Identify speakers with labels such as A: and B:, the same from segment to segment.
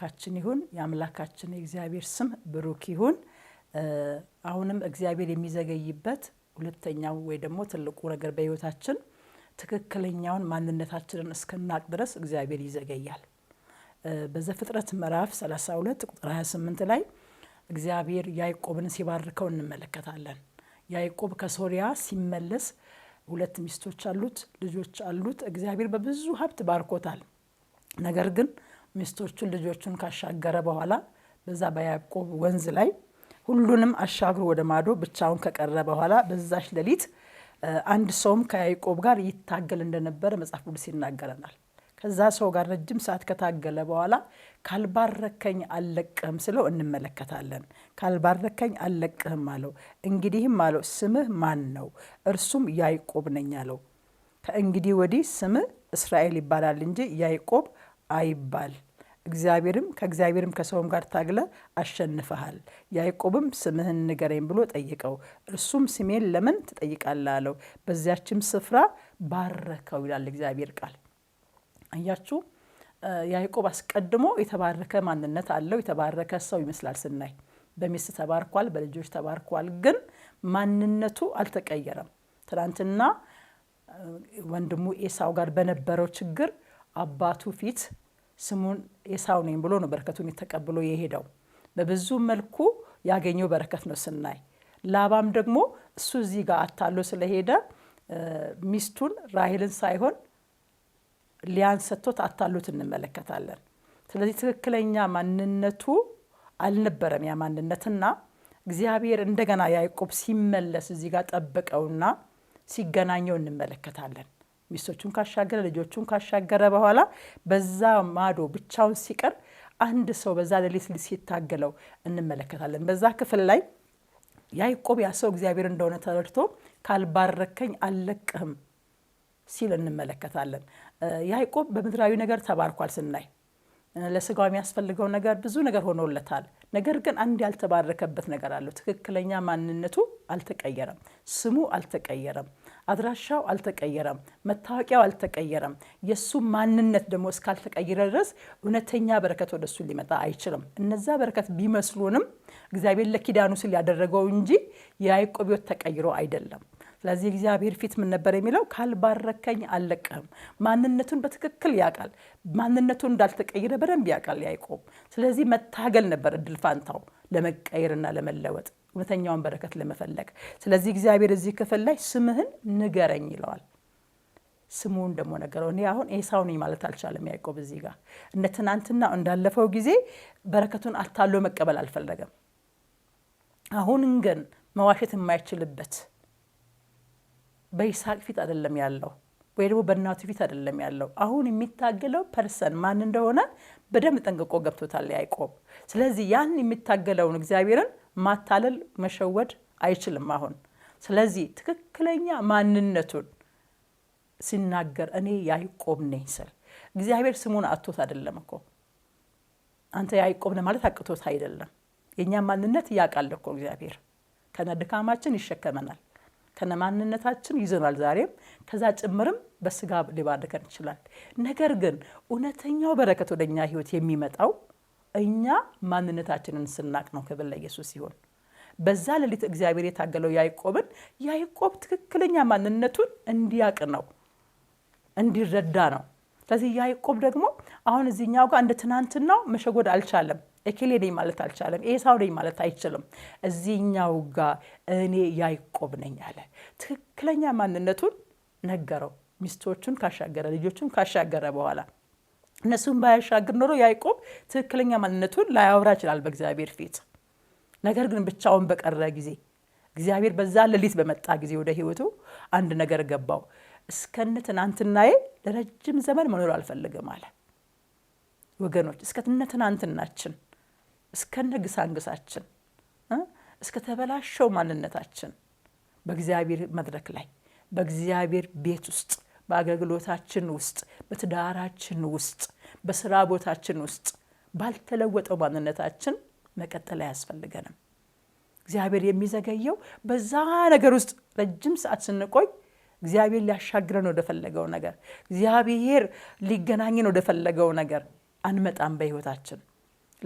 A: የተባረካችን ይሁን። የአምላካችን የእግዚአብሔር ስም ብሩክ ይሁን። አሁንም እግዚአብሔር የሚዘገይበት ሁለተኛው ወይ ደግሞ ትልቁ ነገር በህይወታችን ትክክለኛውን ማንነታችንን እስክናቅ ድረስ እግዚአብሔር ይዘገያል። በዘፍጥረት ምዕራፍ 32 ቁጥር 28 ላይ እግዚአብሔር ያዕቆብን ሲባርከው እንመለከታለን። ያዕቆብ ከሶሪያ ሲመለስ ሁለት ሚስቶች አሉት፣ ልጆች አሉት። እግዚአብሔር በብዙ ሀብት ባርኮታል። ነገር ግን ሚስቶቹን ልጆቹን ካሻገረ በኋላ በዛ በያዕቆብ ወንዝ ላይ ሁሉንም አሻግሮ ወደ ማዶ ብቻውን ከቀረ በኋላ በዛች ሌሊት አንድ ሰውም ከያዕቆብ ጋር ይታገል እንደነበረ መጽሐፍ ቅዱስ ይናገረናል። ከዛ ሰው ጋር ረጅም ሰዓት ከታገለ በኋላ ካልባረከኝ አልለቅህም ስለው እንመለከታለን። ካልባረከኝ አልለቅህም አለው። እንግዲህም አለው ስምህ ማን ነው? እርሱም ያዕቆብ ነኝ አለው። ከእንግዲህ ወዲህ ስምህ እስራኤል ይባላል እንጂ ያዕቆብ አይባል። እግዚአብሔርም ከእግዚአብሔርም ከሰውም ጋር ታግለ አሸንፈሃል፣ ያዕቆብም ስምህን ንገረኝ ብሎ ጠይቀው። እርሱም ስሜን ለምን ትጠይቃለህ አለው። በዚያችም ስፍራ ባረከው ይላል እግዚአብሔር ቃል። አያችሁ፣ ያዕቆብ አስቀድሞ የተባረከ ማንነት አለው። የተባረከ ሰው ይመስላል ስናይ በሚስት ተባርኳል፣ በልጆች ተባርኳል። ግን ማንነቱ አልተቀየረም። ትናንትና ወንድሙ ኤሳው ጋር በነበረው ችግር አባቱ ፊት ስሙን ኤሳው ነኝ ብሎ ነው በረከቱን ተቀብሎ የሄደው። በብዙ መልኩ ያገኘው በረከት ነው ስናይ። ላባም ደግሞ እሱ እዚህ ጋር አታሎ ስለሄደ ሚስቱን ራሄልን ሳይሆን ሊያን ሰጥቶት አታሎት እንመለከታለን። ስለዚህ ትክክለኛ ማንነቱ አልነበረም ያ ማንነትና እግዚአብሔር እንደገና ያዕቆብ ሲመለስ እዚህ ጋር ጠበቀውና ሲገናኘው እንመለከታለን። ሚስቶቹን ካሻገረ ልጆቹን ካሻገረ በኋላ በዛ ማዶ ብቻውን ሲቀር አንድ ሰው በዛ ሌሊት ሲታገለው እንመለከታለን። በዛ ክፍል ላይ ያዕቆብ ያ ሰው እግዚአብሔር እንደሆነ ተረድቶ ካልባረከኝ አልለቅህም ሲል እንመለከታለን። ያዕቆብ በምድራዊ ነገር ተባርኳል ስናይ ለስጋው የሚያስፈልገው ነገር ብዙ ነገር ሆኖለታል። ነገር ግን አንድ ያልተባረከበት ነገር አለው። ትክክለኛ ማንነቱ አልተቀየረም፣ ስሙ አልተቀየረም። አድራሻው አልተቀየረም፣ መታወቂያው አልተቀየረም። የእሱ ማንነት ደግሞ እስካልተቀየረ ድረስ እውነተኛ በረከት ወደ እሱ ሊመጣ አይችልም። እነዛ በረከት ቢመስሉንም እግዚአብሔር ለኪዳኑ ስል ያደረገው እንጂ የያዕቆብ ሕይወት ተቀይሮ አይደለም። ስለዚህ እግዚአብሔር ፊት ምን ነበር የሚለው? ካልባረከኝ አልለቅህም። ማንነቱን በትክክል ያውቃል። ማንነቱን እንዳልተቀየረ በደንብ ያውቃል ያዕቆብ። ስለዚህ መታገል ነበር እድል ፋንታው ለመቀየርና ለመለወጥ እውነተኛውን በረከት ለመፈለግ። ስለዚህ እግዚአብሔር እዚህ ክፍል ላይ ስምህን ንገረኝ ይለዋል። ስሙን ደግሞ ነገረው። እኔ አሁን ኤሳው ነኝ ማለት አልቻለም ያዕቆብ። እዚህ ጋር እንደ ትናንትና እንዳለፈው ጊዜ በረከቱን አታሎ መቀበል አልፈለገም። አሁን ግን መዋሸት የማይችልበት በይስሐቅ ፊት አይደለም ያለው ወይ ደግሞ በእናቱ ፊት አይደለም ያለው። አሁን የሚታገለው ፐርሰን ማን እንደሆነ በደንብ ጠንቅቆ ገብቶታል ያዕቆብ። ስለዚህ ያን የሚታገለውን እግዚአብሔርን ማታለል፣ መሸወድ አይችልም አሁን። ስለዚህ ትክክለኛ ማንነቱን ሲናገር እኔ ያዕቆብ ነኝ ስል እግዚአብሔር ስሙን አቶት አይደለም እኮ አንተ ያዕቆብ ነህ ማለት አቅቶት አይደለም። የእኛ ማንነት እያውቃል እኮ እግዚአብሔር። ከነ ድካማችን ይሸከመናል፣ ከነ ማንነታችን ይዘናል። ዛሬም ከዛ ጭምርም በስጋ ሊባርከን ይችላል። ነገር ግን እውነተኛው በረከት ወደኛ ህይወት የሚመጣው እኛ ማንነታችንን ስናቅ ነው ክብር ለኢየሱስ ሲሆን በዛ ሌሊት እግዚአብሔር የታገለው ያዕቆብን ያዕቆብ ትክክለኛ ማንነቱን እንዲያቅ ነው፣ እንዲረዳ ነው። ስለዚህ ያዕቆብ ደግሞ አሁን እዚህኛው ጋር እንደ ትናንትናው መሸጎድ አልቻለም። ኤኬሌ ነኝ ማለት አልቻለም። ኤሳው ነኝ ማለት አይችልም። እዚህኛው ጋር እኔ ያዕቆብ ነኝ አለ። ትክክለኛ ማንነቱን ነገረው። ሚስቶቹን ካሻገረ ልጆቹን ካሻገረ በኋላ እነሱን ባያሻግር ኖሮ ያዕቆብ ትክክለኛ ማንነቱን ላያወራ ይችላል በእግዚአብሔር ፊት። ነገር ግን ብቻውን በቀረ ጊዜ እግዚአብሔር በዛ ሌሊት በመጣ ጊዜ ወደ ህይወቱ አንድ ነገር ገባው። እስከነ ትናንትናዬ ለረጅም ዘመን መኖር አልፈልግም አለ። ወገኖች እስከነ ትናንትናችን፣ እስከነ ግሳንግሳችን፣ እስከ ተበላሸው ማንነታችን በእግዚአብሔር መድረክ ላይ በእግዚአብሔር ቤት ውስጥ በአገልግሎታችን ውስጥ፣ በትዳራችን ውስጥ፣ በስራ ቦታችን ውስጥ ባልተለወጠው ማንነታችን መቀጠል አያስፈልገንም። እግዚአብሔር የሚዘገየው በዛ ነገር ውስጥ ረጅም ሰዓት ስንቆይ እግዚአብሔር ሊያሻግረን ወደፈለገው ነገር፣ እግዚአብሔር ሊገናኝን ወደፈለገው ነገር አንመጣም በህይወታችን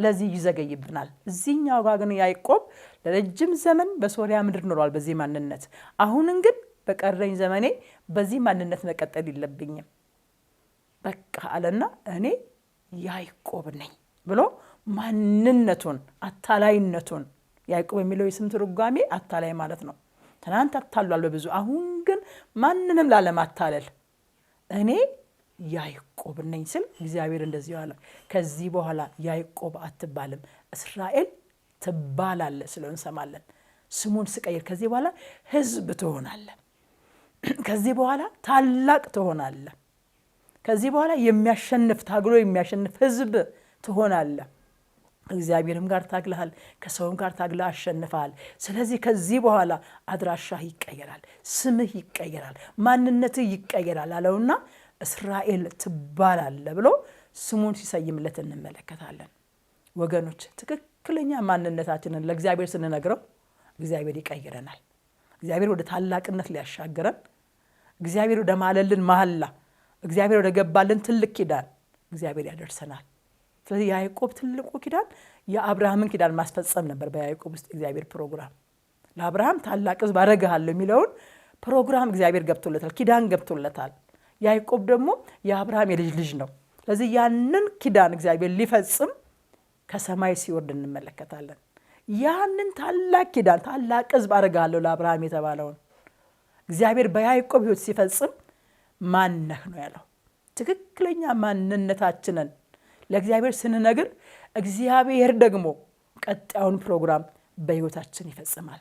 A: ለዚህ ይዘገይብናል። እዚህኛው ጋር ግን ያዕቆብ ለረጅም ዘመን በሶሪያ ምድር ኖሯል በዚህ ማንነት አሁንን ግን በቀረኝ ዘመኔ በዚህ ማንነት መቀጠል የለብኝም በቃ አለና እኔ ያይቆብ ነኝ ብሎ ማንነቱን አታላይነቱን ያይቆብ የሚለው የስም ትርጓሜ አታላይ ማለት ነው። ትናንት አታሏል በብዙ አሁን ግን ማንንም ላለማታለል እኔ ያይቆብ ነኝ ስል እግዚአብሔር እንደዚህ አለ፣ ከዚህ በኋላ ያይቆብ አትባልም እስራኤል ትባላለ ስለው እንሰማለን። ስሙን ስቀይር ከዚህ በኋላ ህዝብ ትሆናለን ከዚህ በኋላ ታላቅ ትሆናለ። ከዚህ በኋላ የሚያሸንፍ ታግሎ የሚያሸንፍ ህዝብ ትሆናለ። እግዚአብሔርም ጋር ታግልሃል፣ ከሰውም ጋር ታግለ አሸንፈሃል። ስለዚህ ከዚህ በኋላ አድራሻህ ይቀየራል፣ ስምህ ይቀየራል፣ ማንነትህ ይቀየራል አለውና እስራኤል ትባላለ ብሎ ስሙን ሲሰይምለት እንመለከታለን። ወገኖች ትክክለኛ ማንነታችንን ለእግዚአብሔር ስንነግረው እግዚአብሔር ይቀይረናል። እግዚአብሔር ወደ ታላቅነት ሊያሻግረን እግዚአብሔር ወደ ማለልን መሐላ እግዚአብሔር ወደ ገባልን ትልቅ ኪዳን እግዚአብሔር ያደርሰናል። ስለዚህ የያዕቆብ ትልቁ ኪዳን የአብርሃምን ኪዳን ማስፈጸም ነበር። በያዕቆብ ውስጥ እግዚአብሔር ፕሮግራም ለአብርሃም ታላቅ ሕዝብ አደርግሃለሁ የሚለውን ፕሮግራም እግዚአብሔር ገብቶለታል፣ ኪዳን ገብቶለታል። ያዕቆብ ደግሞ የአብርሃም የልጅ ልጅ ነው። ስለዚህ ያንን ኪዳን እግዚአብሔር ሊፈጽም ከሰማይ ሲወርድ እንመለከታለን። ያንን ታላቅ ኪዳን ታላቅ ሕዝብ አደርግሃለሁ ለአብርሃም የተባለውን እግዚአብሔር በያዕቆብ ህይወት ሲፈጽም ማነህ ነው ያለው። ትክክለኛ ማንነታችንን ለእግዚአብሔር ስንነግር እግዚአብሔር ደግሞ ቀጣዩን ፕሮግራም በህይወታችን ይፈጽማል።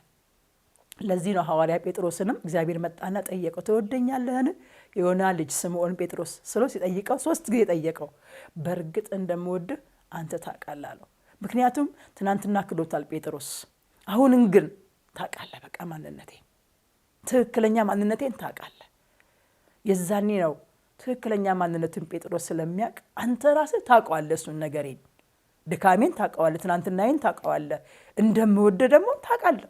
A: ለዚህ ነው ሐዋርያ ጴጥሮስንም እግዚአብሔር መጣና ጠየቀው፣ ትወደኛለህን? የዮና ልጅ ስምዖን ጴጥሮስ ስለው ሲጠይቀው ሶስት ጊዜ ጠየቀው። በእርግጥ እንደምወድህ አንተ ታውቃለህ አለው። ምክንያቱም ትናንትና ክዶታል ጴጥሮስ። አሁንም ግን ታውቃለህ በቃ ማንነቴ ትክክለኛ ማንነቴን ታውቃለህ። የዛኔ ነው ትክክለኛ ማንነትን ጴጥሮስ ስለሚያውቅ አንተ ራስህ ታውቀዋለህ። እሱን ነገሬን፣ ድካሜን ታውቀዋለህ። ትናንትናዬን ታውቀዋለህ። እንደምወደ ደግሞ ታውቃለህ።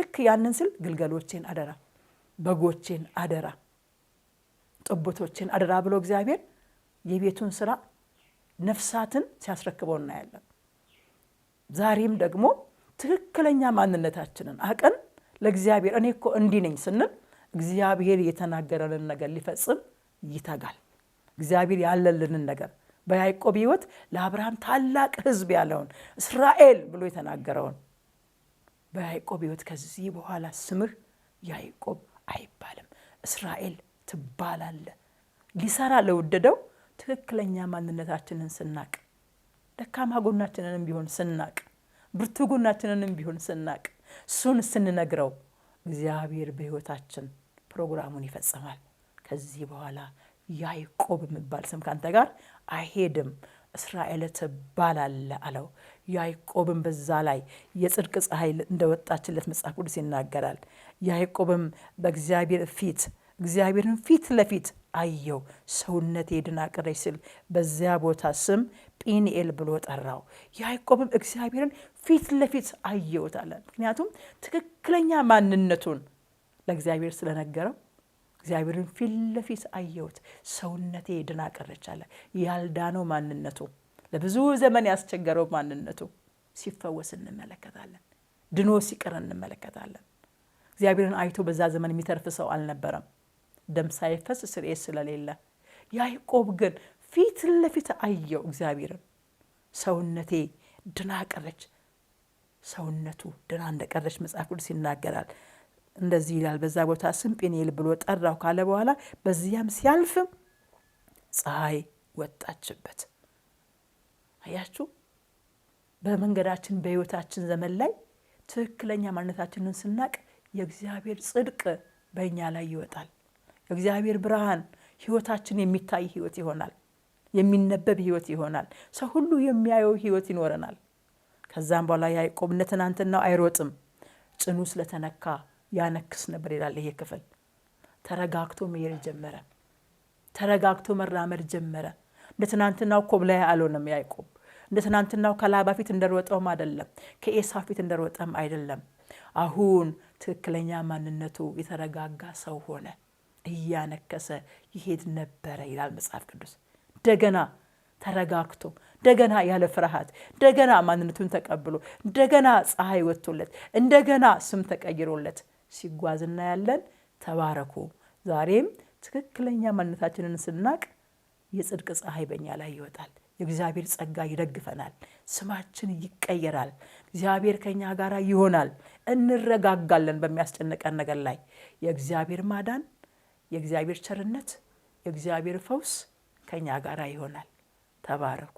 A: ልክ ያንን ስል ግልገሎቼን አደራ፣ በጎቼን አደራ፣ ጥቦቶቼን አደራ ብሎ እግዚአብሔር የቤቱን ስራ ነፍሳትን ሲያስረክበው እናያለን። ዛሬም ደግሞ ትክክለኛ ማንነታችንን አቀን ለእግዚአብሔር እኔ እኮ እንዲህ ነኝ ስንል እግዚአብሔር የተናገረንን ነገር ሊፈጽም ይተጋል። እግዚአብሔር ያለልንን ነገር በያዕቆብ ሕይወት ለአብርሃም ታላቅ ሕዝብ ያለውን እስራኤል ብሎ የተናገረውን በያዕቆብ ሕይወት ከዚህ በኋላ ስምህ ያዕቆብ አይባልም እስራኤል ትባላለ ሊሰራ ለወደደው ትክክለኛ ማንነታችንን ስናቅ፣ ደካማ ጎናችንንም ቢሆን ስናቅ፣ ብርቱ ጎናችንንም ቢሆን ስናቅ እሱን ስንነግረው እግዚአብሔር በህይወታችን ፕሮግራሙን ይፈጽማል። ከዚህ በኋላ ያዕቆብ የሚባል ስም ካንተ ጋር አይሄድም እስራኤል ትባላለ አለው። ያዕቆብም በዛ ላይ የጽድቅ ፀሐይ እንደወጣችለት መጽሐፍ ቅዱስ ይናገራል። ያዕቆብም በእግዚአብሔር ፊት እግዚአብሔርን ፊት ለፊት አየው ሰውነት የድና ቀረች ስል በዚያ ቦታ ስም ጲንኤል ብሎ ጠራው። ያዕቆብም እግዚአብሔርን ፊት ለፊት አየውት አለ። ምክንያቱም ትክክለኛ ማንነቱን ለእግዚአብሔር ስለነገረው እግዚአብሔርን ፊት ለፊት አየሁት፣ ሰውነቴ የድና ቅረች አለ። ያልዳነው ማንነቱ ለብዙ ዘመን ያስቸገረው ማንነቱ ሲፈወስ እንመለከታለን። ድኖ ሲቀር እንመለከታለን። እግዚአብሔርን አይቶ በዛ ዘመን የሚተርፍ ሰው አልነበረም። ደም ሳይፈስ ስርየት ስለሌለ ያዕቆብ ግን ፊት ለፊት አየው እግዚአብሔርን። ሰውነቴ ድና ቀረች፣ ሰውነቱ ድና እንደቀረች መጽሐፍ ቅዱስ ይናገራል። እንደዚህ ይላል፣ በዛ ቦታ ስም ጴኒኤል ብሎ ጠራው ካለ በኋላ በዚያም ሲያልፍ ፀሐይ ወጣችበት። አያችሁ፣ በመንገዳችን በህይወታችን ዘመን ላይ ትክክለኛ ማንነታችንን ስናቅ የእግዚአብሔር ጽድቅ በእኛ ላይ ይወጣል። እግዚአብሔር ብርሃን ህይወታችን የሚታይ ህይወት ይሆናል። የሚነበብ ህይወት ይሆናል። ሰው ሁሉ የሚያየው ህይወት ይኖረናል። ከዛም በኋላ ያዕቆብ እንደ ትናንትናው አይሮጥም፣ ጭኑ ስለተነካ ያነክስ ነበር ይላል ይሄ ክፍል። ተረጋግቶ መሄድ ጀመረ። ተረጋግቶ መራመድ ጀመረ። እንደ ትናንትናው ላይ አልሆነም ያዕቆብ። እንደ ትናንትናው ከላባ ፊት እንደሮጠውም አይደለም፣ ከኤሳ ፊት እንደሮጠም አይደለም። አሁን ትክክለኛ ማንነቱ የተረጋጋ ሰው ሆነ። እያነከሰ ይሄድ ነበረ ይላል መጽሐፍ ቅዱስ። እንደገና ተረጋግቶ እንደገና ያለ ፍርሃት እንደገና ማንነቱን ተቀብሎ እንደገና ፀሐይ ወጥቶለት እንደገና ስም ተቀይሮለት ሲጓዝ እናያለን። ተባረኩ። ዛሬም ትክክለኛ ማንነታችንን ስናቅ የጽድቅ ፀሐይ በእኛ ላይ ይወጣል። የእግዚአብሔር ጸጋ ይደግፈናል። ስማችን ይቀየራል። እግዚአብሔር ከኛ ጋር ይሆናል። እንረጋጋለን በሚያስጨንቀን ነገር ላይ የእግዚአብሔር ማዳን የእግዚአብሔር ቸርነት፣ የእግዚአብሔር ፈውስ ከእኛ ጋር ይሆናል። ተባረኩ።